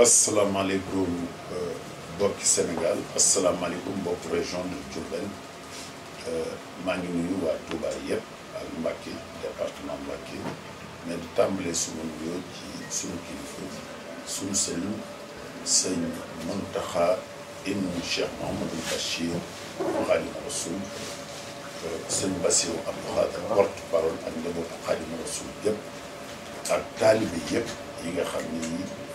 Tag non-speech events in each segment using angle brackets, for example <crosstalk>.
Euh, bok Senegal, Sénégal alaikum Bok région de Diourbel Euh, ngi Touba yëpp ak département Mbacké mais di tàmbalee suma nuyoo ci suñu kilifa suñu sëñ sëñ Mountakha Cheikh Mohamed Bachir Khadimou Rassoul euh, porte parole ak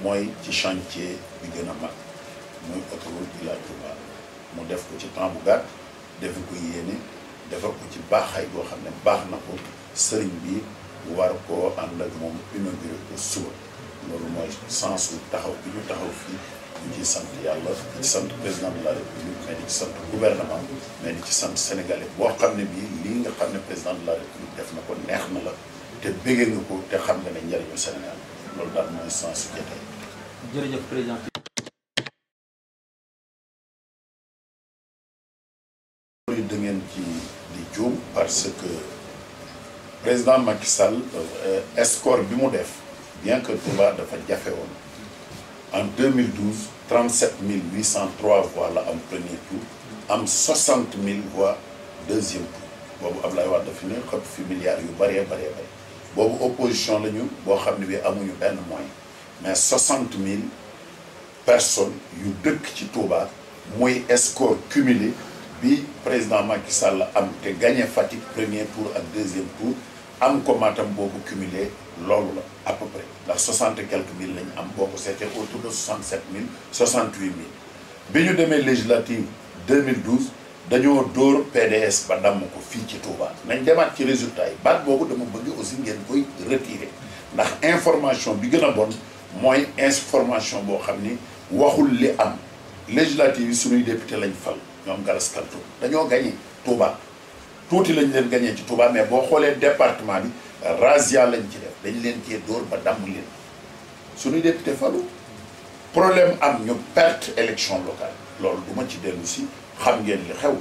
mooy ci chantier bi gën a mag muy autoroute Ila Touba mu def ko ci temps bu gàtt defu ko yéene defar ko ci baaxaay goo xam ne baax na ko sëriñ bi war koo ànd ak moom inauguré ko suba loolu mooy sensu taxaw bi ñu taxaw fii ñu ciy sant yàlla di ci sant président de la république mais di ci sant gouvernement mais di ci sant sénégalais boo xam ne bii li nga xam ne président de la république def na ko neex na la te bëggee nga ko te xam nga ne njëriñu Sénégal loolu daal mooy sens bi parce que président Macky Sall euh, escore bi mu def bien que Touba dafa jafe fait. en 2012 37 803 voix en premier tour en 60 000 voix deuxième tour boobu Ablaye Wade dafa ne xëpp fi milliards yu bëree bëree Bobo opposition la bo xamni bi amuñu ben Mais 60 000 personnes yu dëkk ci Touba moy escort cumulé Le président Macky Sall am té gagné au premier tour ak deuxième tour am ko matam cumulé à peu près. dans 60 c'était autour de 67 000, 68 000. Biñu démé législative 2012 dañoo dóor PDS ba damm ko fii ci Touba nañ demaat ci résultat yi baat boobu dama bëgg aussi ngeen koy retirer ndax information bi gën a bon mooy information boo xam ni waxul li am législative yi suñuy député lañ fal ñoom Galas Kaltoum dañoo gagné Touba tuuti lañ leen gañee ci Touba mais boo xoolee département bi razzia lañ ci def dañ leen cee dóor ba damm leen suñuy député falu problème am ñu perte élection locale loolu du ma ci dellusi xam ngeen li xew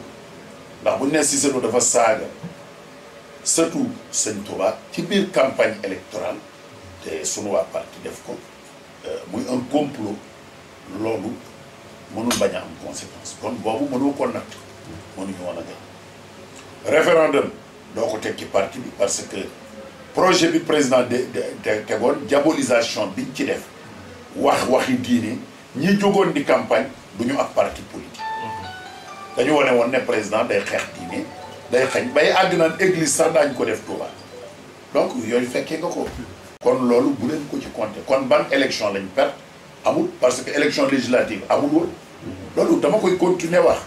ndax bu ñu nee Cissé Lo dafa saaga surtout sëñ Touba ci biir campagne électorale te sunu waa parti def ko euh, muy un complot loolu mënul bañ a am conséquence kon boobu mënoo ko natt mënuñu woon a gën référendum doo ko teg ci parti bi parce que projet bi président de de tegoon diabolisation biñ ci def wax waxi diine ñi jógoon di campagne du ñu ab parti politique dañu wane woon ne président day xeex diine day xañ bay àddinaan église sax dañ ko def Touba donc yoy féké nga ko kon lolu bu leen ko ci compter kon ban élection lañ perte amul parce que élection législative amul woon lolu dama koy continuer wax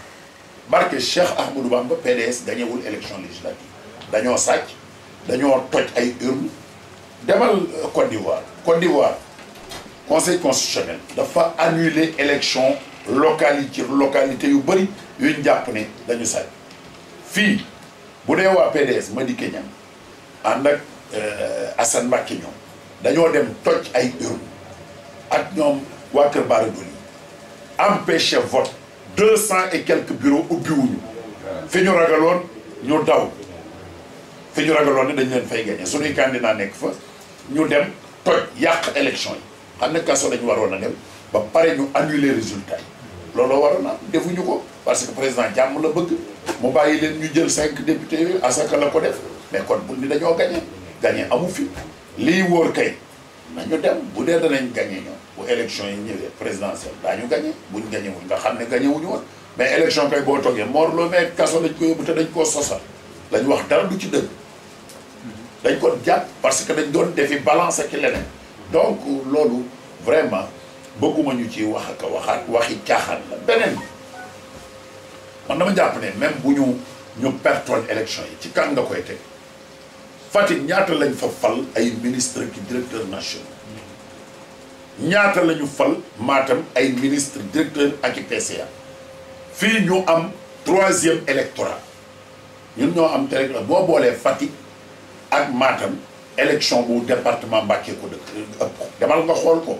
barke Cheikh Ahmadou Bamba PDS gañewul élection législative dañoo sacc dañoo toj ay urne demal euh, Côte d'Ivoire Côte d'Ivoire conseil constitutionnel dafa annuler élection localité localité yu japonais, yuñ une ne dañu sañ fi bu dé wa PDS ma di kenya and ak euh, Assane dem toj ay vote deux et quelques bureaux wuñu fi ñu ragaloon ñu daw fi ñu ragaloon dañ leen fay gagné suñu candidat nek fa ñu dem toj élection xam kaso dem ba ñu annuler résultat résultats looloo waroon am defuñu ko parce que président jàmm la bëgg mu bàyyi leen ñu jël cinq députés yooyu asaka la ko def mais kon bu ni dañoo gagné gagné amu fi lii wóor kay nañu dem bu dee danañ gagné ñoom bu élection yi ñëwee présidentielle daañu gagné buñ gagné wuñ nga xam ne gagné wuñu woon mais élection kay boo toogee Mor Lomé kaso lañ ko yóbbu te dañ koo sosal lañ wax dara du ci dëgg dañ kon jàpp parce que dañ doon defi balance ak leneen donc loolu vraiment bëgguma ñu ci wax ak waxaat waxi caaxaan la beneen man dama jàpp ne même bu ñu ñu pertoon élection yi ci kan nga koy teg Fatick ñaata lañ fa fal ay ministre ki directeur national ñaata lañu ñu fal Matam ay ministre directeur ak i PCA fii ñu am troisième électorat ñun ñoo am te boo boolee Fatick ak Matam élection bu département Mbacké ko dëkk demal nga xool ko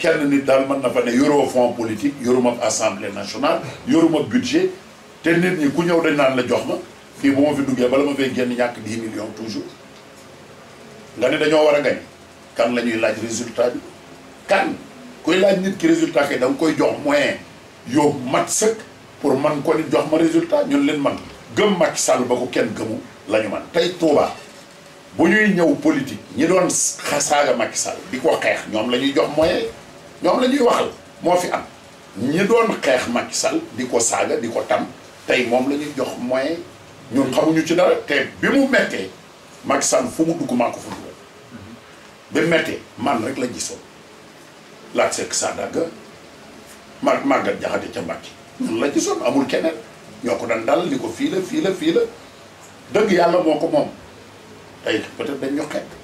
kenn nit daal man na fa ne yoroo fonds politique yoruma assemblée nationale yoruma budget te nit ñi ku ñëw dañ naan la jox ma fii bu ma fi duggee bala ma fay génn ñàkk 10 millions toujours nga ne dañoo war a gañ kan la ñuy laaj résultat bi kan kuy laaj nit ki résultat kay da koy jox moyen yow mat sëkk pour man ko nit jox ma résultat ñun leen man gëm Macky Sall ba ko kenn gëmu lañu man tey Touba bu ñuy ñëw politique ñi doon saaga Macky Sall bi ko xeex ñoom la ñuy jox moyen ñoom lañuy ñuy waxal moo fi am ñi doon xeex Macky Sall di ko saaga di ko tam tey moom lañuy jox mooy ñun xamuñu ci dara te bi mu mettee Macky Sall fu mu dugg maa ko fu dugal bi mettee man rek la gisoon laaj seeg Sadaga mag màggat jaxate ca Mbàkke ñun la gisoon amul keneen ñoo ko daan dal li ko fii la fii la fii la dëgg yàlla moo ko moom tey peut dañ ñu xeet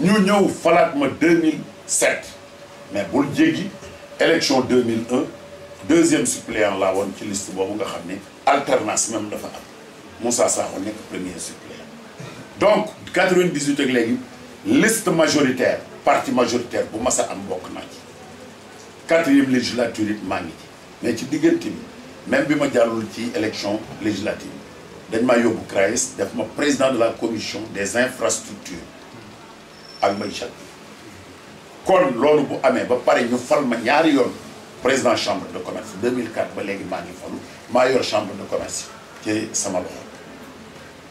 nous avons en 2007 mais bul élection 2001 deuxième suppléant là on ci liste vous nga alternance même dafa am Moussa premier suppléant donc 98 ak liste majoritaire parti majoritaire pour Massa am quatrième législature mais tu dis que même si je suis ci élection législative dañ président de la commission des infrastructures ak kon loolu bu amee ba pare ñu fal ma ñaari yoon président chambre de commerce 2004 ba léegi maa ngi falu maa yor chambre de commerce ci sama lolu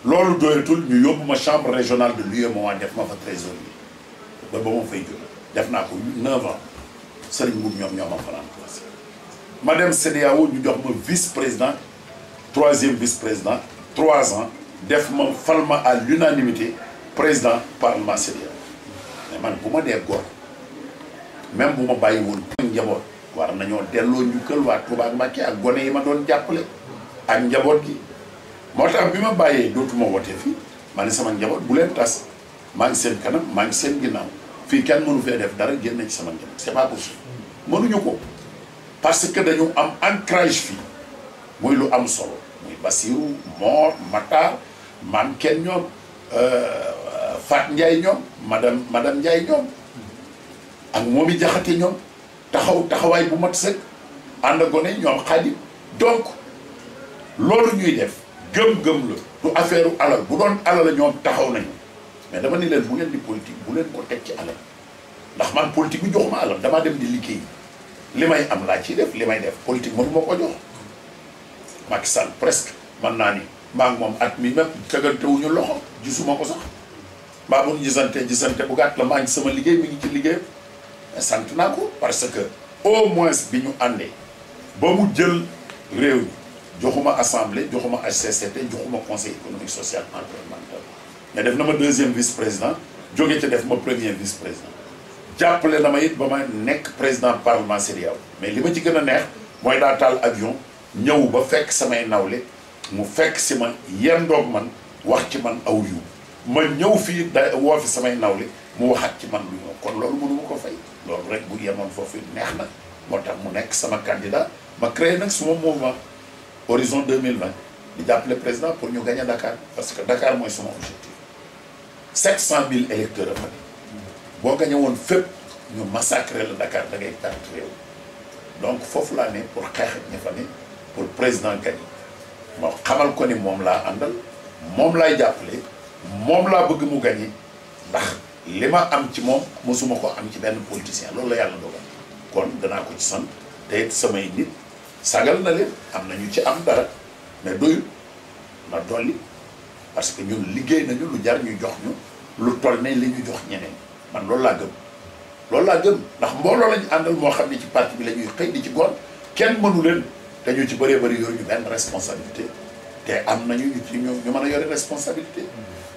loolu doyatul ñu yóbbu ma chambre régionale de l'UEMOA def ma fa trésorier ba ba ma fay jóg def naa ko 9 ans Serigne Mboum ñom ñom ma fa remplacé ma dem CEDEAO ñu jox ma vice président troisième vice président 3 ans def ma falma à l'unanimité président parlement CEDEAO man bu ma dee góor même bu ma bàyyi woon kenn njaboot war nañoo delloo njukkal waa Touba ak Mbacké ak gone yi ma doon jàppale ak njaboot gi moo tax bi ma bàyyee dootuma wotee fii ma sama njaboot bu leen tas maa ngi seen kanam maa ngi seen ginnaaw fii kenn mënu fee def dara génn ci sama njaboot c'est pas possible mënuñu ko parce que dañu am ancrage fii muy lu am solo muy Bassirou Mor Matar maam kenn ñoom euh, Fat Ndiaye ñoom madame madame Ndiaye ñoom ak moom i jaxate ñoom taxaw taxawaay bu mat sëkk ànd gone ñoom xaadim donc loolu ñuy def gëm-gëm la du affaire alal bu doon alal ñoom taxaw nañu mais dama ni leen bu ngeen di politique bu leen ko teg ci alal ndax man politique bi joxuma alal damaa dem di liggéey li may am laa ciy def li may def politique mënu ma ko jox Macky presque man naa ni maa moom at mi même tegantewuñu loxo gisuma ko sax mbaa bu ñu gisante gisante bu gàtt la maa ngi sama liggéey mi ngi ci liggéey sant naa ko parce que au moins biñu andé ba mu jël réew mi joxuma assemblée joxuma HCCT joxuma conseil économique social environnemental mais def na ma deuxième vice président jóge ci def ma premier vice président jappelé na ma it ba ma nekk président parlement CEDEAO mais li ma ci gën a neex mooy daa taal avion ñëw ba fekk samay nawle mu fekk si ma yendoog man wax ci man aw yu ma ñëw fii da woo fi samay nawle mu waxat ci man lu kon loolu mënu ko fay loolu rek bu yemoon foofu neex na moo tax mu nekk sama candidat ma créé nag suma mouvement horizon 2020 di jàppale président pour ñu gagné Dakar parce que Dakar mooy sama objectif 700000 électeurs a fa ne boo gagné woon fépp ñu massacré la Dakar da ngay perte réew donc foofu laa ne pour xeex ak ña fa ne pour président gagné ma xamal ko ni moom laa àndal moom laay jàppale moom laa bëgg mu gañi ndax li ma am ci moom mosuma ko am ci benn politicien loolu la yàlla dogal kon danaa ko ci sant te it samay nit sagal na leen am na ñu ci am dara mais doyul na dolli parce que ñun liggéey nañu lu jar ñu jox ñu lu toll ne li ñu jox ñeneen man loolu laa gën loolu laa gëm ndax mbooloo lañu àndal moo xam ne ci parti bi lañuy xëy di ci goon kenn mënu leen te ñu ci bëree bëri yor ñu benn responsabilité te am nañu ñu ci ñu mën a yore responsabilité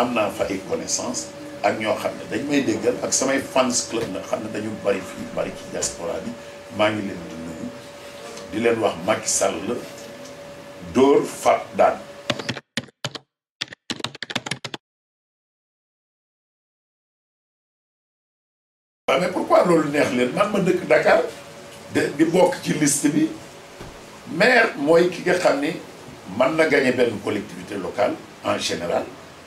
am naa fa ay connaissance ak ñoo xam dañ may déggal ak samay fans club nag xam dañu bari fi bari ci diaspora bi ma ngi leen di nuyu di leen wax Macky Sall dóor fat daan mais pourquoi lolou neex leen man ma dëkk Dakar de di bokk ci liste bi maire moy ki nga xam man na gagner ben collectivité locale en général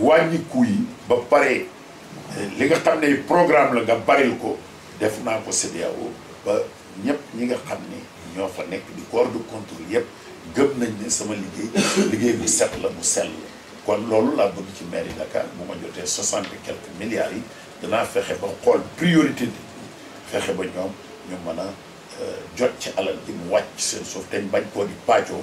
wàññiku yi ba pare li nga xam ne programme la nga baril ko def naa ko CEDEAO ba ñëpp ñi nga xam ne ñoo fa nekk di corps de contrôle yëpp gëm nañ ni sama liggéey liggéey bu set la bu sell la kon loolu laa bëgg ci mairie Dakar bu ma jotee soixante et quelques milliards yi danaa fexe ba xool priorité nit fexe ba ñoom ñu mën a euh, jot ci alal ji mu wàcc seen suuf te bañ koo di pàccoo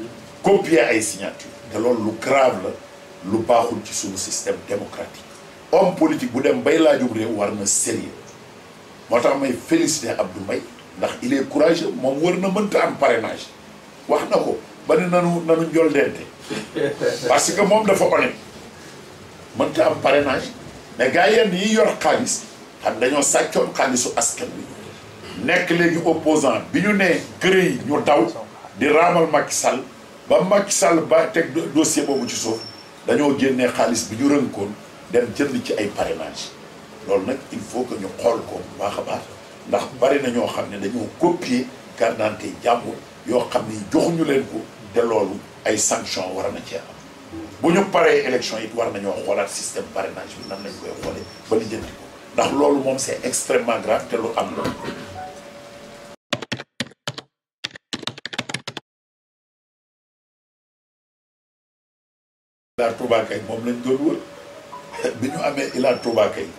copier ay signature te loolu lu grave la lu baaxul ci suñu système démocratique homme politique bu dem bay laajub réew war na sérieux moo tax may féliciter Abdou may ndax il est courageux moom wër na mënta am parrainage wax na ko ba ne nanu nanu njol dente <laughs> parce que moom dafa honnête mënta am parrainage mais gars yenn yi yor xaalis xam dañoo sàccoon xaalisu askan bi nekk léegi opposant bi ñu ne gërëy ñu daw di raamal Macky Sall ba Macky Sall ba teg dossier boobu ci suuf dañoo génnee xaalis bi ñu rënkoon dem jënd ci ay parrainage loolu nag il faut que ñu xool ko bu baax a baax ndax bari na ñoo xam ne dañoo copier carte d'identité jàmbur yoo xam ne joxuñu leen ko te loolu ay sanction war na cee am bu ñu paree élection it war nañoo xoolaat système parrainage bi nan lañ koy xoolee ba lijjanti ko ndax loolu moom c'est extrêmement grave te lu am la Ila Touba kay moom lañ doon wër bi ñu amee Ila Touba kay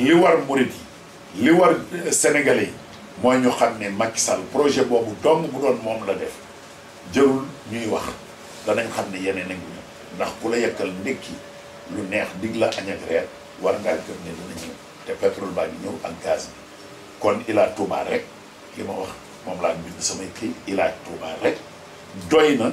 li war murit yi li war euh, sénégalais yi mooy ñu xam ne Macky projet boobu dong bu doon moom la def jërul ñuy wax danañ xam ne yeneen a ngi ndax ku la yekkal ndékki lu neex dig la añ ak reer war ngaa gëm ne dina ñëw te pétrole baa ngi ñëw ak gaz bi kon Ila Touba rek li ma wax moom laa bind samay kii Ila Touba rek doy na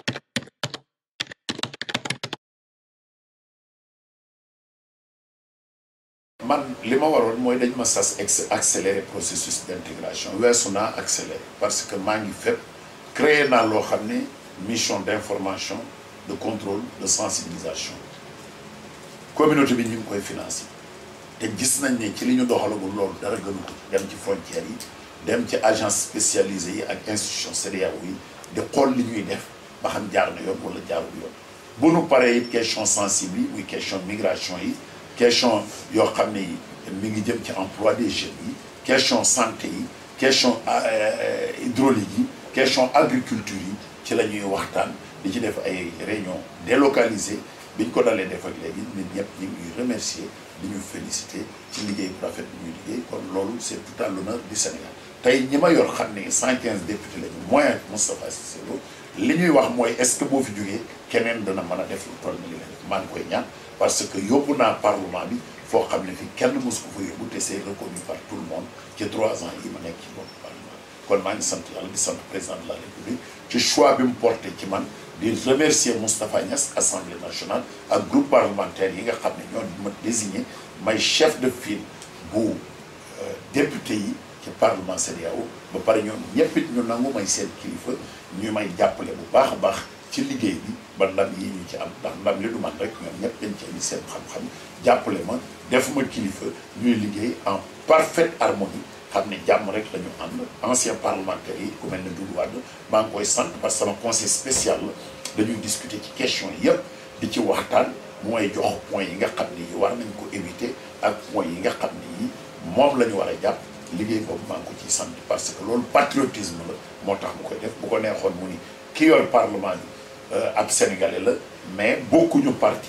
man li ma waroon mooy dañ ma sas accélérer processus d'intégration weesu naa accéléré parce que maa ngi fépp créé naa loo xam ne mission d'information de contrôle de sensibilisation communauté bi ñu ngi koy financer te gis nañ ne ci li ñu doxalagul loolu dara gënut dem ci frontières yi dem ci agence spécialisée yi ak institution CEDEAO yi di xool li ñuy def ba xam jaar na yoon wala jaarul yoon bu nu paree question sensible yi muy question migration yi question yoo xam ne mi ngi jëm ci emploi des jeunes yi question santé yi question euh, euh, hydrologie yi question agriculture yi ci lañuy ñuy waxtaan di ci def ay réunion délocalisée biñ ko dalé def ak léegi nit ñëpp ñu ngi remercier di ñu féliciter ci liggéey bu rafet bi ñuy liggéey kon loolu c'est tout à l'honneur du Sénégal tey ñi ma yor xam ne cent quinze députés la moyen Moustapha Cissé Lo li ñuy wax mooy est-ce que boo fi jógee keneen dana mën a def lu toll ni li nga def maa ngi koy ñaan parce que yóbbu parlement bi faut kenn reconnu par tout le monde ci trois ans yi ma nek parlement président de la république choix bi remercier assemblée nationale ak groupe parlementaire yi désigné chef de file bu euh, député yi ci parlement Je e ba ñoom ñu may ci liggéey bi ba ndam yi ñu ci am ndax ndam li du man rek ñoom ñëpp dañ ci indi seen xam-xam jàppale ma def ma kilifa ñuy liggéey en parfaite harmonie xam ne jàmm rek la ñu ànd ancien parlementaire yi ku mel ne Doudou Wade maa ngi koy sant parce que sama conseil spécial la dañuy discuter ci question yëpp di ci waxtaan mooy jox point yi nga xam ni yi war nañ ko éviter ak point yi nga xam ni yi moom la ñu war a jàpp liggéey boobu maa ngi ko ciy sant parce que loolu patriotisme la moo tax mu koy def bu ko neexoon mu ni ki yor parlement bi Euh, ab sénégalais la mais ñu parti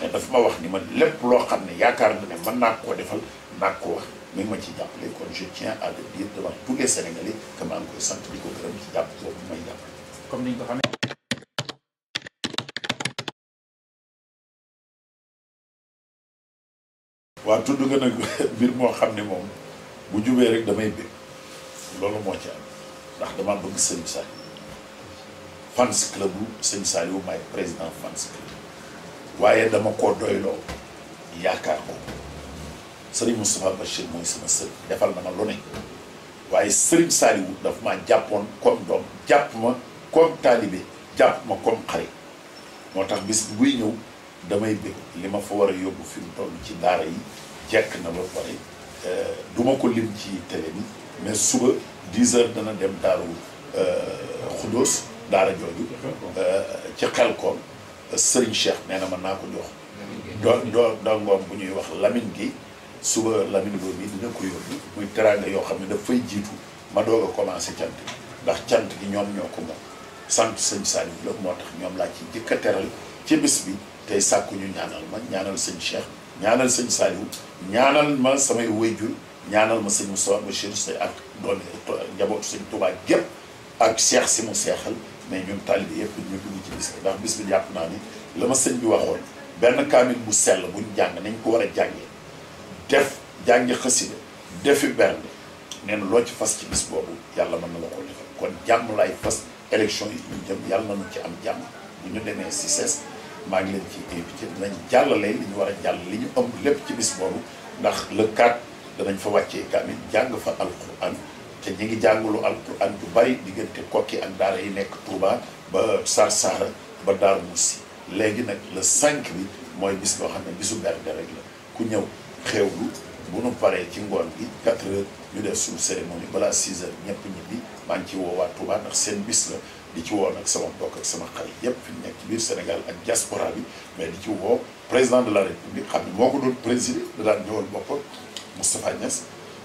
mais dafa ma wax ni ma lepp lo xamné yaakar na né man na ko defal na ko wax mais ma ci jappalé kon je tiens à le dire devant tous les sénégalais que ma ngi sant di ko gërëm ci jàpp boobu may jàppale. comme niñ ko xamé wa tuddu gëna bir mo xamné mom bu jubé rek damay bir lolu mo ci am ndax dama bëgg sëñu sax fans club bu sëñ Saliou maay président fans club waaye dama koo doyloo yaakaar ko sëriñ Moustapha Bachir mooy sama sër defal na ma lu ne waaye sëriñ Saliou dafa ma jàppoon comme doom jàpp ma comme taalibe jàpp ma comme xarit moo tax bis buy ñëw damay bég li ma fa war a yóbbu fi mu toll ci daara yi jekk na ba pare euh, du ko lim ci télé bi mais suba 10 heures dana dem daaru Xudóos euh, daara jooju euh, ci xel koom sëriñ Cheikh nee na mën naa ko jox doo doo dongoom bu ñuy wax Lamine gi suba Lamine boobu bi dina ko yóbbu muy teraanga yoo xam ne daf fay jiitu ma doog a commencé cant gi ndax cant gi ñoom ñoo ko moom sant sëñ Saliou la moo tax ñoom laa ci jëkk a teral ci bis bi tey sàkku ñu ñaanal ma ñaanal sëñ Cheikh ñaanal sëñ Saliou ñaanal ma samay wayjur ñaanal ma sëñ Moussa Bachir Sy ak doon njabootu sëñ Touba gépp ak Cheikh si mu seexal mais ñun taalibe yëpp ñu dugg ci bis bi ndax bis bi jàpp naa ni la ma sëñ bi waxoon benn kaamil bu sell buñ jàng nañ ko war a jàngee def jàngi xasida defi bernde nen na ci fas ci bis boobu yàlla mën na la ko defal kon jàmm laay fas élection yi ñu jëm yàlla na ñu ci am jàmm bu ñu demee si sees maa ngi leen ci invité dinañ jàllalee li ñu war a jàll li ñu ëmb lépp ci bis boobu ndax le 4 danañ fa wàccee kaamil jàng fa alquran te ñi ngi jàngalu alquran ju bari diggante kokki ak daara yi nekk Touba ba Sarsara ba daar Daaru Musi léegi nag la 5 bi mooy bis boo xam ne bisu bernde rek la ku ñëw xew bu nu paree ci ngoon bi 4 heures ñu def suñu cérémonie balaa 6 heures ñëpp ñibbi maa ngi ci woowaa Touba ndax seen bis la di ci woo nag sama mbokk ak sama xarit yépp nekk ci biir Sénégal ak diaspora bi mais di ci woo président de la république xam ne moo ko doon président da daan ñëwal boppam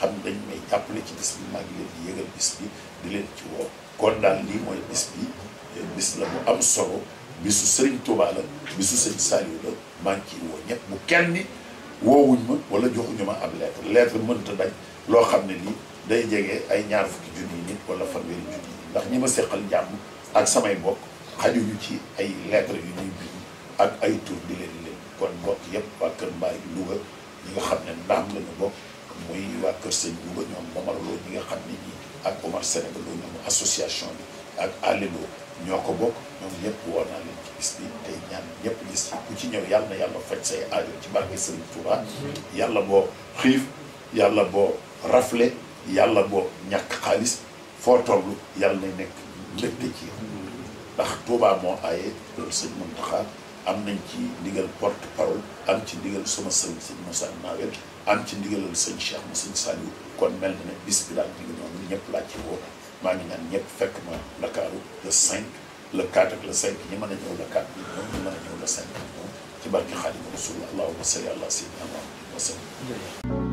xam dañ may jàppale ci bis bi maa ngi leen di yëgal bis bi di leen ci woo kon daal lii mooy bis bi bis la bu am solo bisu sëriñ Touba la bisu sëñ Saliou la maa ngi ciy woo bu kenn woowuñ ma wala joxuñu ma ab lettre lettre mënta daj loo xam ne lii day jege ay ñaar fukki junni yi nit wala fanweeri junni ndax ñi ma seqal jàmm ak samay mbokk xajuñu ci ay lettre yu ay tur di leen leen kon mbokk yëpp waa Kër Mbaye Louga ñi nga xam ne ndaam la ñu bokk muy waa Kër Sëñ Buuba ñoom Momar Lo ñi nga xam ne ñi ak Omar Sénégal Lo association bi ak Alilo ñoo ko bokk ñoom yëpp woo naa ci bis tey ñaan ñëpp gis yi ku ci ñëw yàlla na yàlla faj say aajo ci barke Sëriñ Tuuba yàlla boo xiif yàlla boo rafle yàlla boo ñàkk xaalis foo toll yàlla na nekk mbégte ci yow ndax Tuuba moo aaye loolu Sëñ Muntaxa am nañ ci ndigal porte parole am ci ndigal sama si sëñ Moussa Nawel am ci ndigalal sëñ Cheikh mu sëñ Saliou kon mel na ne bis bi daal ñu ngi noonu ñëpp laa ci maa ngi naan ñëpp fekk ma Ndakaaru le 5 le 4 ak le 5 ñi mën a ñëw le 4 bi ñoom ñi mën a ñëw le 5 bi ci barke Xaadimu Rasuul allahumma salli ala sayyidina Muhammad wa sallam